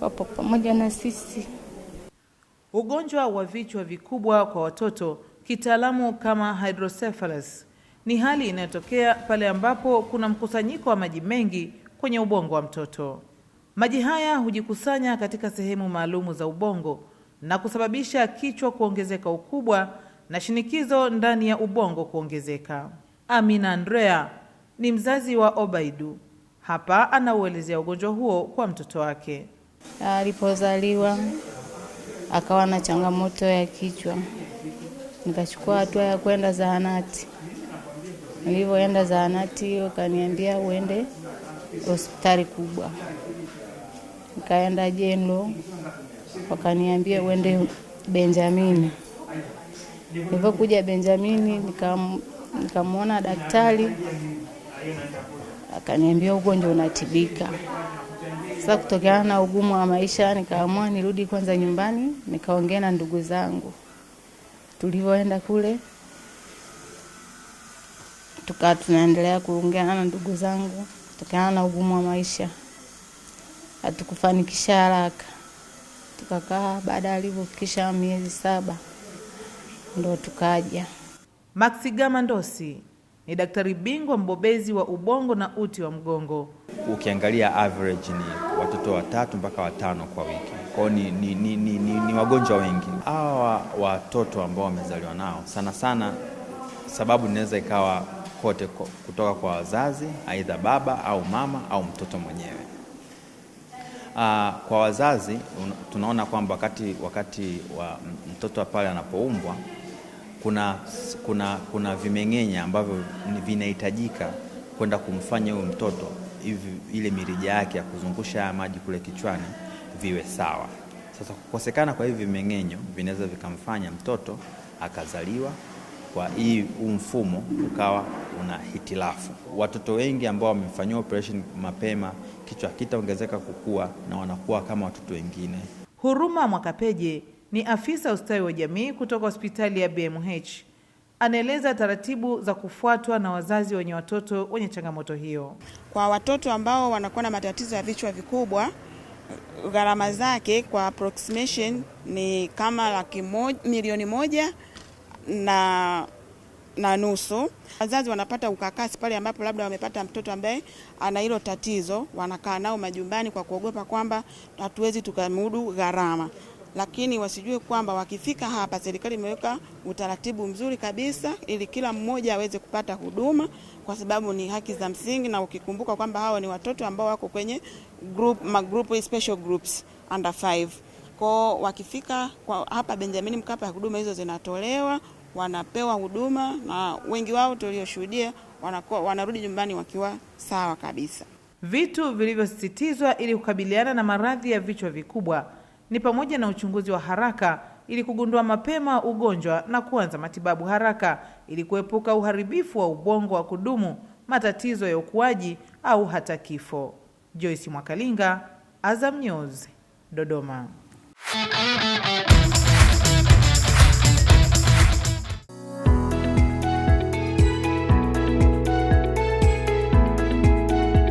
wapo pamoja na sisi. Ugonjwa wa vichwa vikubwa kwa watoto kitaalamu kama hydrocephalus ni hali inayotokea pale ambapo kuna mkusanyiko wa maji mengi kwenye ubongo wa mtoto. Maji haya hujikusanya katika sehemu maalumu za ubongo na kusababisha kichwa kuongezeka ukubwa na shinikizo ndani ya ubongo kuongezeka. Amina Andrea ni mzazi wa Obaidu. Hapa anauelezea ugonjwa huo kwa mtoto wake. Alipozaliwa akawa na changamoto ya kichwa, nikachukua hatua ya kwenda zahanati. Nilivyoenda zahanati, wakaniambia uende hospitali kubwa. Nikaenda Jenlo, wakaniambia uende Benjamini. Nilivyokuja Benjamini, nikamwona daktari akaniambia ugonjwa unatibika. Sasa kutokana na ugumu wa maisha, nikaamua nirudi kwanza nyumbani, nikaongea na ndugu zangu. Tulivyoenda kule, tukawa tunaendelea kuongea na ndugu zangu. Kutokana na ugumu wa maisha, hatukufanikisha haraka, tukakaa. Baada alivyofikisha miezi saba, ndo tukaja Maxi Gama Ndosi. Ni daktari bingwa mbobezi wa ubongo na uti wa mgongo. Ukiangalia average ni watoto watatu mpaka watano kwa wiki kwao ni, ni, ni, ni, ni, ni wagonjwa wengi hawa watoto ambao wamezaliwa nao sana sana. Sababu inaweza ikawa kote kutoka kwa wazazi, aidha baba au mama au mtoto mwenyewe. Aa, ah, kwa wazazi tunaona kwamba wakati, wakati wa mtoto pale anapoumbwa kuna, kuna, kuna vimeng'enya ambavyo vinahitajika kwenda kumfanya huyu mtoto hivi, ile mirija yake ya kuzungusha haya maji kule kichwani viwe sawa. Sasa kukosekana kwa hivi vimeng'enyo vinaweza vikamfanya mtoto akazaliwa kwa hii huu mfumo ukawa una hitilafu. Watoto wengi ambao wamefanyiwa operation mapema, kichwa kitaongezeka kukua na wanakuwa kama watoto wengine. Huruma Mwakapeje ni afisa ustawi wa jamii kutoka hospitali ya BMH anaeleza taratibu za kufuatwa na wazazi wenye watoto wenye changamoto hiyo. Kwa watoto ambao wanakuwa na matatizo ya vichwa vikubwa, gharama zake kwa approximation ni kama laki moja, milioni moja na na nusu. Wazazi wanapata ukakasi pale ambapo labda wamepata mtoto ambaye ana hilo tatizo, wanakaa nao majumbani kwa kuogopa kwamba hatuwezi tukamudu gharama lakini wasijue kwamba wakifika hapa, serikali imeweka utaratibu mzuri kabisa ili kila mmoja aweze kupata huduma, kwa sababu ni haki za msingi, na ukikumbuka kwamba hawa ni watoto ambao wako kwenye group, magrupu, special groups under 5 kwao wakifika kwa hapa Benjamin Mkapa, huduma hizo zinatolewa, wanapewa huduma na wengi wao tulioshuhudia wanakuwa wanarudi nyumbani wakiwa sawa kabisa. Vitu vilivyosisitizwa ili kukabiliana na maradhi ya vichwa vikubwa ni pamoja na uchunguzi wa haraka ili kugundua mapema ugonjwa na kuanza matibabu haraka ili kuepuka uharibifu wa ubongo wa kudumu, matatizo ya ukuaji au hata kifo. Joyce Mwakalinga, Azam News, Dodoma.